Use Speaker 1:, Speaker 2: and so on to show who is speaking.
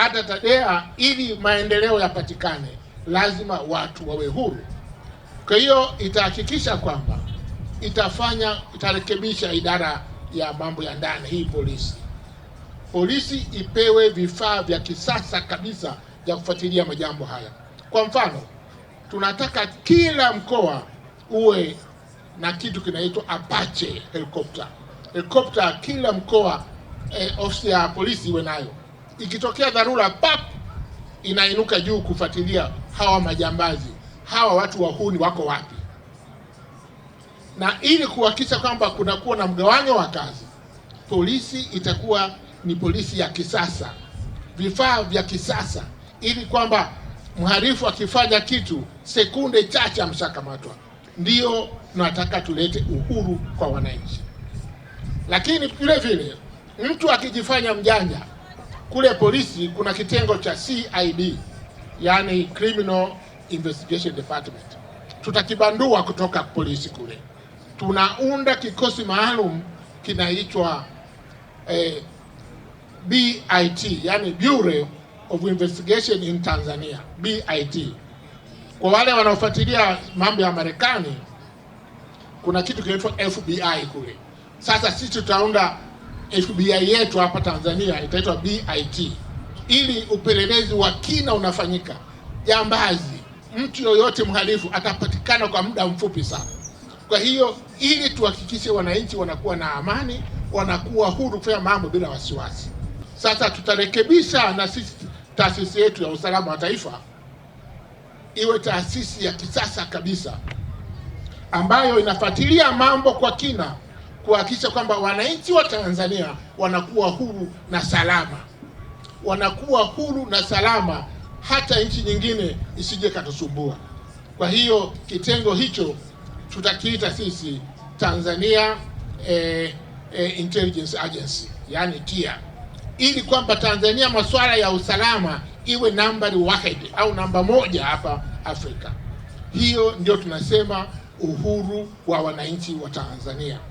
Speaker 1: hata TADEA ili maendeleo yapatikane lazima watu wawe huru. Kwa hiyo itahakikisha kwamba itafanya itarekebisha idara ya mambo ya ndani hii polisi. Polisi ipewe vifaa vya kisasa kabisa vya kufuatilia majambo haya. Kwa mfano, tunataka kila mkoa uwe na kitu kinaitwa Apache helikopta. Helikopta kila mkoa eh, ofisi ya polisi iwe nayo ikitokea dharura pap inainuka juu kufuatilia hawa majambazi, hawa watu wahuni wako wapi, na ili kuhakikisha kwamba kunakuwa na mgawanyo wa kazi, polisi itakuwa ni polisi ya kisasa, vifaa vya kisasa, ili kwamba mharifu akifanya kitu sekunde chache amshakamatwa. Ndiyo tunataka tulete uhuru kwa wananchi, lakini vile vile mtu akijifanya mjanja kule polisi kuna kitengo cha CID, yani Criminal Investigation Department. Tutakibandua kutoka polisi kule, tunaunda kikosi maalum kinaitwa eh, BIT, yani Bureau of Investigation in Tanzania, BIT. Kwa wale wanaofuatilia mambo ya Marekani kuna kitu kinaitwa FBI kule. Sasa sisi tutaunda fbi yetu hapa Tanzania itaitwa BIT, ili upelelezi wa kina unafanyika. Jambazi, mtu yoyote mhalifu atapatikana kwa muda mfupi sana. Kwa hiyo ili tuhakikishe wananchi wanakuwa na amani, wanakuwa huru kufanya mambo bila wasiwasi. Sasa tutarekebisha na sisi taasisi yetu ya usalama wa taifa iwe taasisi ya kisasa kabisa ambayo inafuatilia mambo kwa kina kuhakikisha kwamba wananchi wa Tanzania wanakuwa huru na salama, wanakuwa huru na salama, hata nchi nyingine isije katusumbua. Kwa hiyo kitengo hicho tutakiita sisi Tanzania eh, eh, Intelligence Agency, yani TIA, ili kwamba Tanzania masuala ya usalama iwe nambari wahidi au namba moja hapa Afrika. Hiyo ndio tunasema uhuru wa wananchi wa Tanzania.